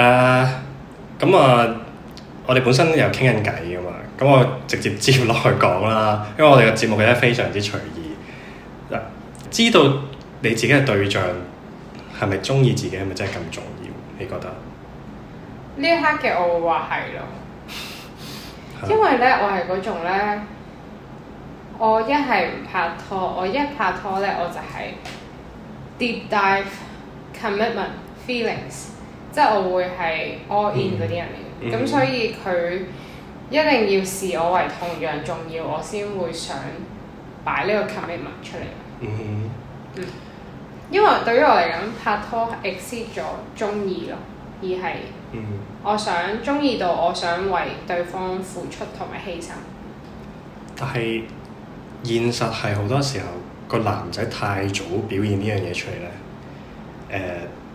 誒，咁啊、uh，uh, 我哋本身有傾緊偈噶嘛，咁我直接接落去講啦，因為我哋嘅節目記得非常之隨意。Uh, 知道你自己嘅對象係咪中意自己，係咪真係咁重要？你覺得？呢一刻嘅我會話係咯， 因為咧我係嗰種咧，我一係唔拍拖，我一拍拖咧我就係 deep dive commitment feelings。即係我會係 all in 嗰啲人嚟嘅，咁、嗯、所以佢一定要視我為同樣重要，我先會想擺呢個 commitment 出嚟。嗯，嗯，因為對於我嚟講，拍拖 exceed 咗鍾意咯，而係我想鍾意、嗯、到我想為對方付出同埋犧牲。但係現實係好多時候個男仔太早表現呢樣嘢出嚟咧，誒、呃。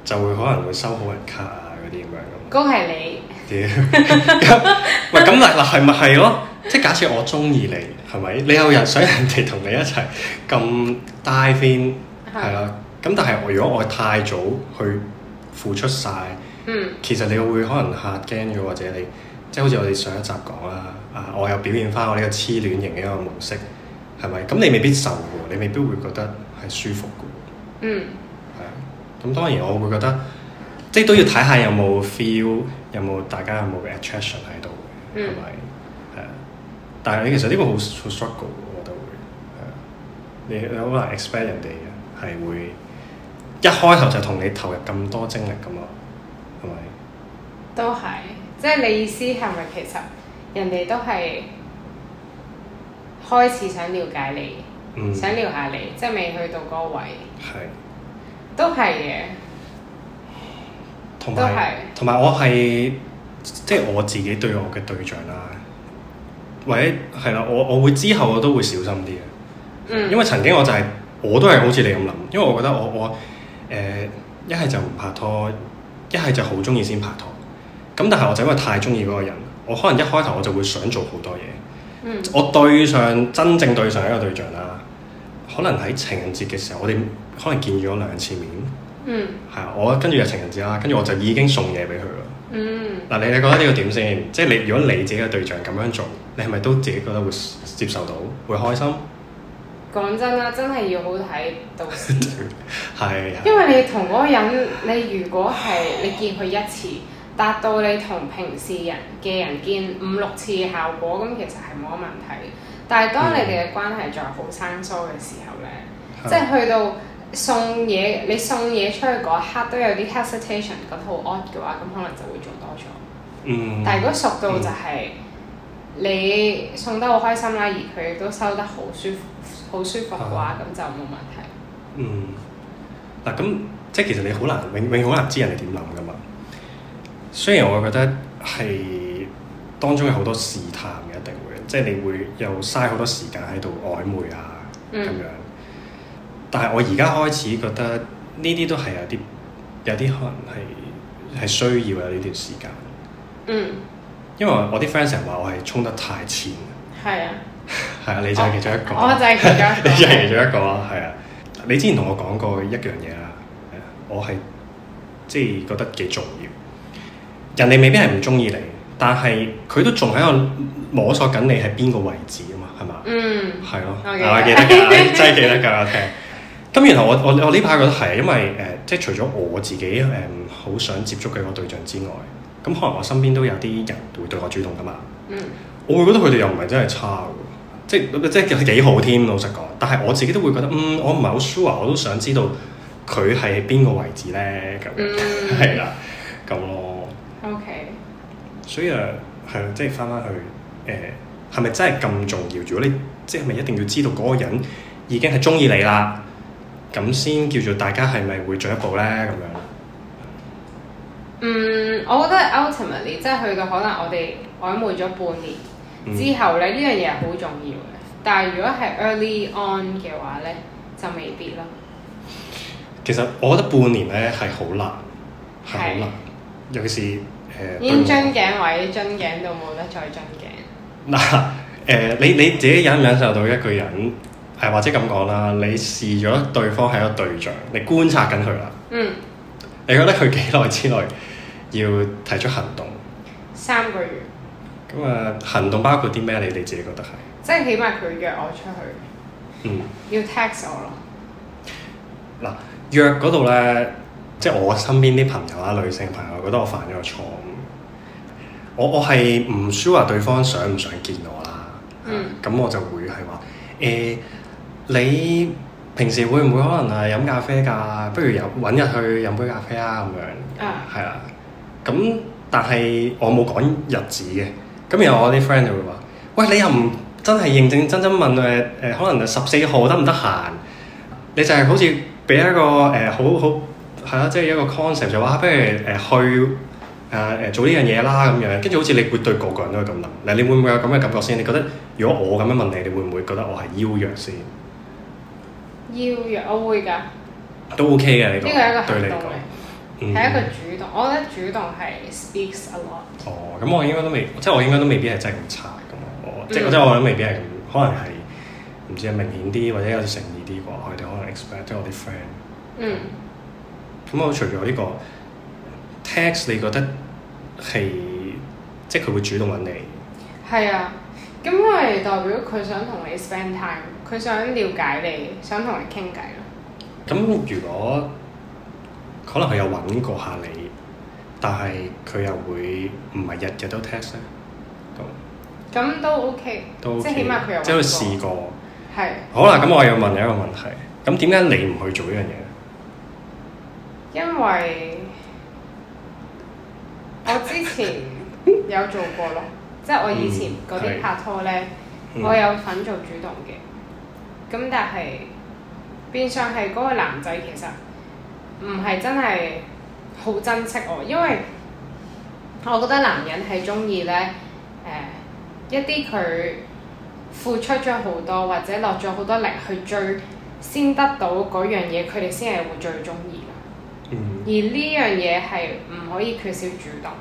就會可能會收好人卡啊嗰啲咁樣咁。嗰係你。屌 喂，咁嗱嗱係咪係咯？是是 即係假設我中意你係咪？你有日想人哋同你一齊咁 die in 係啦。咁 但係如果我太早去付出晒，其實你會可能嚇驚嘅，或者你即係好似我哋上一集講啦，啊，我又表現返我呢個痴戀型嘅一個模式，係咪？咁你未必受嘅，你未必會覺得係舒服嘅。嗯。咁當然我會覺得，即係都要睇下有冇 feel，有冇 fe 大家有冇個 attraction 喺度，係咪、嗯？係啊，uh, 但係你其實呢個好，struggle，我覺得會，uh, 你你好難 expect 人哋係會一開頭就同你投入咁多精力咁咯，係咪？都係，即係你意思係咪其實人哋都係開始想了解你，嗯、想聊下你，即係未去到嗰個位。係。都係嘅有，同埋同埋我係即係我自己對我嘅對象啦、啊，或者係啦、啊，我我會之後我都會小心啲嘅，嗯、因為曾經我就係、是、我都係好似你咁諗，因為我覺得我我誒一係就唔拍拖，一係就好中意先拍拖，咁但係我就因為太中意嗰個人，我可能一開頭我就會想做好多嘢，嗯、我對上真正對上一個對象啦、啊。可能喺情人節嘅時候，我哋可能見咗兩次面。嗯，係啊，我跟住就情人節啦，跟住我就已經送嘢俾佢啦。嗯，嗱、啊，你你覺得呢個點先？即係你如果你自己嘅對象咁樣做，你係咪都自己覺得會接受到，會開心？講真啦，真係要好睇到時。係 對。因為你同嗰個人，你如果係你見佢一次，達到你同平時人嘅人見五六次效果，咁其實係冇乜問題。但係當你哋嘅關係仲係好生疏嘅時候咧，嗯、即係去到送嘢，你送嘢出去嗰刻都有啲 hesitation，咁好 odd 嘅話，咁可能就會做多咗。嗯。但係如果熟到就係、是嗯、你送得好開心啦，而佢都收得好舒好舒服嘅話，咁、嗯、就冇問題。嗯。嗱咁，即係其實你好難永永好難知人哋點諗噶嘛。雖然我覺得係當中有好多試探。即係你會又嘥好多時間喺度曖昧啊，咁樣。嗯、但係我而家開始覺得呢啲都係有啲，有啲可能係係需要嘅呢段時間。嗯。因為我啲 friend 成日話我係衝得太前。係啊。係啊，你就係其中一個。我，我就係其中一個。你就係其中一個啊，係啊。 你之前同我講過一樣嘢啊，我係即係覺得幾重要。人哋未必係唔中意你。 但係佢都仲喺度摸索緊你係邊個位置啊嘛，係嘛？嗯，係咯、啊，我記得㗎， 真係記得㗎，聽。咁然後我我我呢排覺得係，因為誒、呃、即係除咗我自己誒好、呃、想接觸嘅個對象之外，咁可能我身邊都有啲人會對我主動噶嘛。嗯、我會覺得佢哋又唔係真係差喎，即係即係幾好添，老實講。但係我自己都會覺得，嗯，我唔係好 sure，我都想知道佢係邊個位置咧，咁係啦，咁咯、嗯。 所以誒係咯，即係返返去誒，係、呃、咪真係咁重要？如果你即係咪一定要知道嗰個人已經係鍾意你啦，咁先叫做大家係咪會進一步咧咁樣？嗯，我覺得 ultimately 即係去到可能我哋曖昧咗半年、嗯、之後咧，呢樣嘢係好重要嘅。但係如果係 early on 嘅話咧，就未必咯。其實我覺得半年咧係好難，係好難，是尤其是。呃、已經樽頸位，樽頸到冇得再樽頸。嗱，誒，你你自己忍唔忍受到一個人？係或者咁講啦，你試咗對方係一個對象，你觀察緊佢啦。嗯。你覺得佢幾耐之內要提出行動？三個月。咁啊，行動包括啲咩？你哋自己覺得係？即係起碼佢約我出去。嗯。要 text 我咯。嗱、呃，約嗰度咧。即係我身邊啲朋友啊，女性朋友覺得我犯咗個錯誤。我我係唔 sure 話對方想唔想見我啦。嗯，咁、啊、我就會係話誒，你平時會唔會可能誒飲咖啡㗎？不如有揾日去飲杯咖啡啊，咁樣啊，係啦。咁但係我冇講日子嘅。咁然後我啲 friend 就會話：喂，你又唔真係認認真真問誒誒、呃呃，可能十四號得唔得閒？你就係好似俾一個誒好、呃、好。好好係啦，即係一個 concept 就話、是，不如誒、呃、去誒誒、呃呃、做呢樣嘢啦咁樣。跟住好似你會對個個人都係咁諗。嗱，你會唔會有咁嘅感覺先？你覺得如果我咁樣問你，你會唔會覺得我係邀約先？邀約，我會㗎。都 OK 嘅呢、這個，個，個對你講，嗯係一個主動。嗯、我覺得主動係 speaks a lot。哦，咁我應該都未，即係我應該都未必係真係咁差咁啊！即係、嗯、我覺得係我都未必係咁，可能係唔知係明顯啲或者有啲誠意啲啩？佢哋可能 expect 我啲 friend。嗯。嗯咁我除咗呢個 text，你覺得係即係佢會主動揾你？係啊，咁因為代表佢想同你 spend time，佢想了解你，想同你傾偈咯。咁如果可能佢有揾過下你，但係佢又會唔係日日都 text 咧？咁都 OK，都 OK，即係起碼佢有即係試過。係。好啦，咁、嗯、我又要問你一個問題，咁點解你唔去做呢樣嘢？因為我之前有做過咯， 即係我以前啲拍拖咧，嗯、我有份做主動嘅，咁、嗯、但係變相係個男仔其實唔係真係好珍惜我，因為我覺得男人係中意咧誒一啲佢付出咗好多或者落咗好多力去追，先得到樣嘢，佢哋先係會最中意。而呢樣嘢係唔可以缺少主動，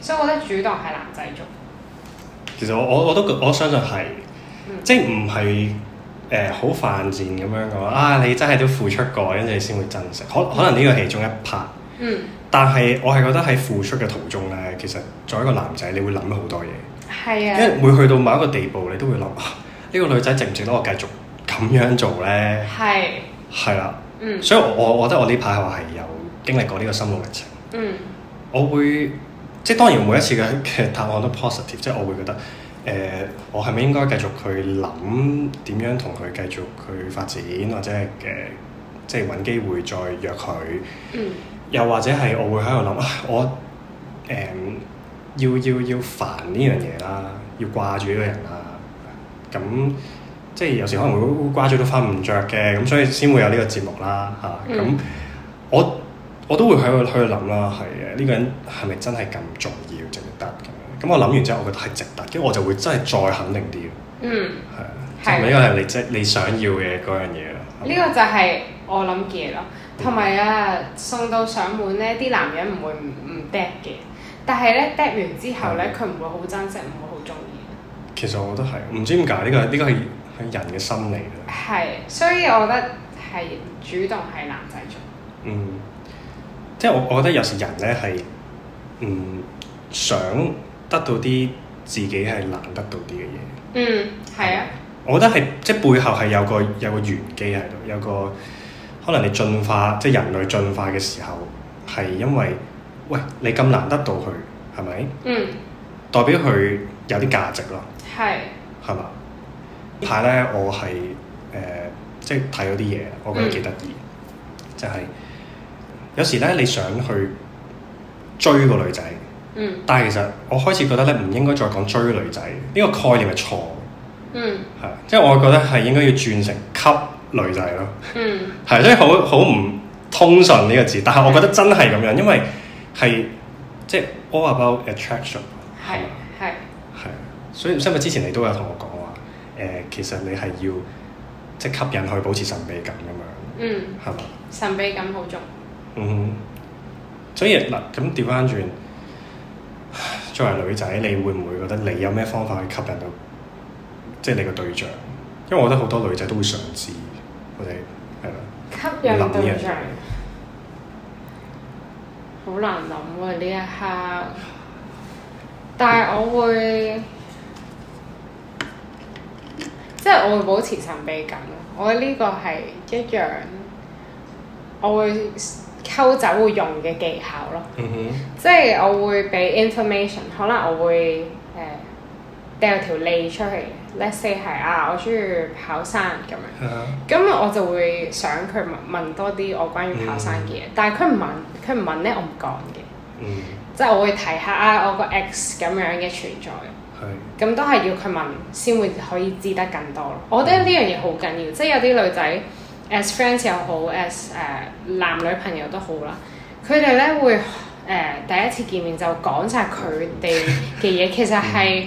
所以我覺得主動係男仔做。其實我我我都我相信係，嗯、即係唔係誒好犯賤咁樣嘅話啊？你真係都付出過，跟住你先會珍惜。可可能呢個其中一 part。嗯、但係我係覺得喺付出嘅途中咧，其實做一個男仔，你會諗好多嘢。係啊、嗯。因為每去到某一個地步，你都會諗呢、啊呢個女仔值唔值得我繼續咁樣做咧？係、嗯。係啦是。所以我我覺得我呢排係係有經歷過呢個心路歷程。嗯，我會即係當然每一次嘅嘅答案都 positive，即係我會覺得誒、呃，我係咪應該繼續去諗點樣同佢繼續去發展，或者係誒、呃、即係揾機會再約佢？嗯、又或者係我會喺度諗我誒、呃、要要要煩呢樣嘢啦，要掛住呢個人啦，咁。即係有時可能會瓜咗都瞓唔着嘅，咁、嗯、所以先會有呢個節目啦嚇。咁、啊嗯嗯、我我都會去去諗啦，係嘅。呢、呢個人係咪真係咁重要值得嘅？咁，我諗完之後，我覺得係值得，跟我就會真係再肯定啲。嗯，係、嗯，就係因為係你即你想要嘅嗰樣嘢咯。呢、嗯、個就係我諗嘅嘢咯，同埋啊、嗯、送到上門咧，啲男人唔會唔唔 d 嘅，但係咧 d 完之後咧，佢唔、嗯、會好珍惜，唔會好中意。其實我覺得係唔知點解呢個呢、呢個係。人嘅心理咯，係，所以我覺得係主動係男仔做。嗯，即係我我覺得有時人咧係，嗯，想得到啲自己係難得到啲嘅嘢。嗯，係啊。我覺得係即係背後係有個有個玄機喺度，有個，有個可能你進化即係人類進化嘅時候，係因為喂你咁難得到佢，係咪？嗯。代表佢有啲價值咯。係。係嘛？呢排咧，我係誒、呃，即係睇咗啲嘢，我覺得幾得意。嗯、就係、是、有時咧，你想去追個女仔，嗯，但係其實我開始覺得咧，唔應該再講追女仔，呢、這個概念係錯。嗯，係，即係我覺得係應該要轉成吸女仔咯。嗯，係， 所以好好唔通順呢個字，但係我覺得真係咁樣，嗯、因為係即係 all about attraction、嗯是。係係係，所以唔知係咪之前你都有同我講？其實你係要即係吸引佢保持神秘感咁樣，嗯，係嘛？神秘感好足。嗯。所以嗱，咁調翻轉，作為女仔，你會唔會覺得你有咩方法去吸引到，即係你個對象？因為我覺得好多女仔都會嘗試，我哋係吸引對象，好難諗喎呢一刻，但係我會。即係我會保持神秘感，我呢個係一樣，我會溝走會用嘅技巧咯。Mm hmm. 即係我會俾 information，可能我會誒掉、呃、條脷出去。Let's say 係啊，我中意跑山咁樣，咁 Yeah. 我就會想佢問，問多啲我關於跑山嘅嘢。Mm hmm. 但係佢唔問，佢唔問咧，我唔講嘅。Mm hmm. 即係我會提下啊，我個 ex 咁樣嘅存在。咁是都係要佢問先會可以知得更多咯。我覺得呢樣嘢好緊要，嗯、即係有啲女仔，as friends 又好，as 誒、uh, 男女朋友都好啦。佢哋咧會誒、uh, 第一次見面就講晒佢哋嘅嘢， 其實係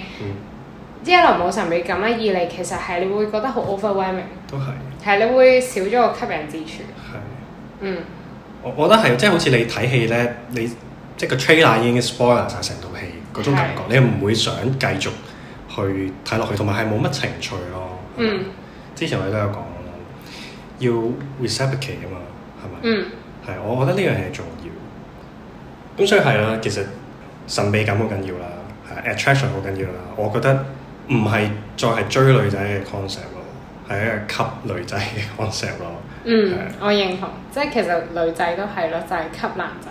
一來冇神祕感啦，二嚟其實係你會覺得好 overwhelming 是。都係，係你會少咗個吸引之處。係是，嗯我，我覺得係，即、就、係、是、好似你睇戲咧，你即係、就是、個 trailer 已經 spoiler 曬成套戲。嗰種感覺，是你又唔會想繼續去睇落去，同埋係冇乜情趣咯。嗯，之前我哋都有講要 reciprocate 啊嘛，係咪？嗯，係，我覺得呢樣嘢重要。咁所以係啦，其實神秘感好緊要啦，係 attraction 好緊要啦。我覺得唔係再係追女仔嘅 concept 咯，係一個吸女仔嘅 concept 咯。嗯，是我認同，即係其實女仔都係咯，就係、是、吸男仔，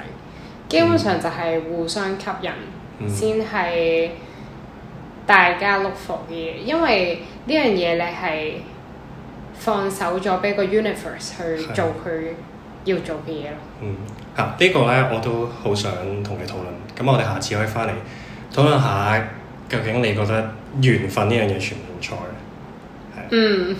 基本上就係互相吸引。嗯先係、嗯、大家 look for 嘅嘢，因為呢樣嘢你係放手咗俾個 universe 去做佢要做嘅嘢咯。嗯，嚇、啊這個、呢個咧我都好想同你討論，咁我哋下次可以翻嚟討論下究竟你覺得緣分呢樣嘢存唔存在嘅？嗯。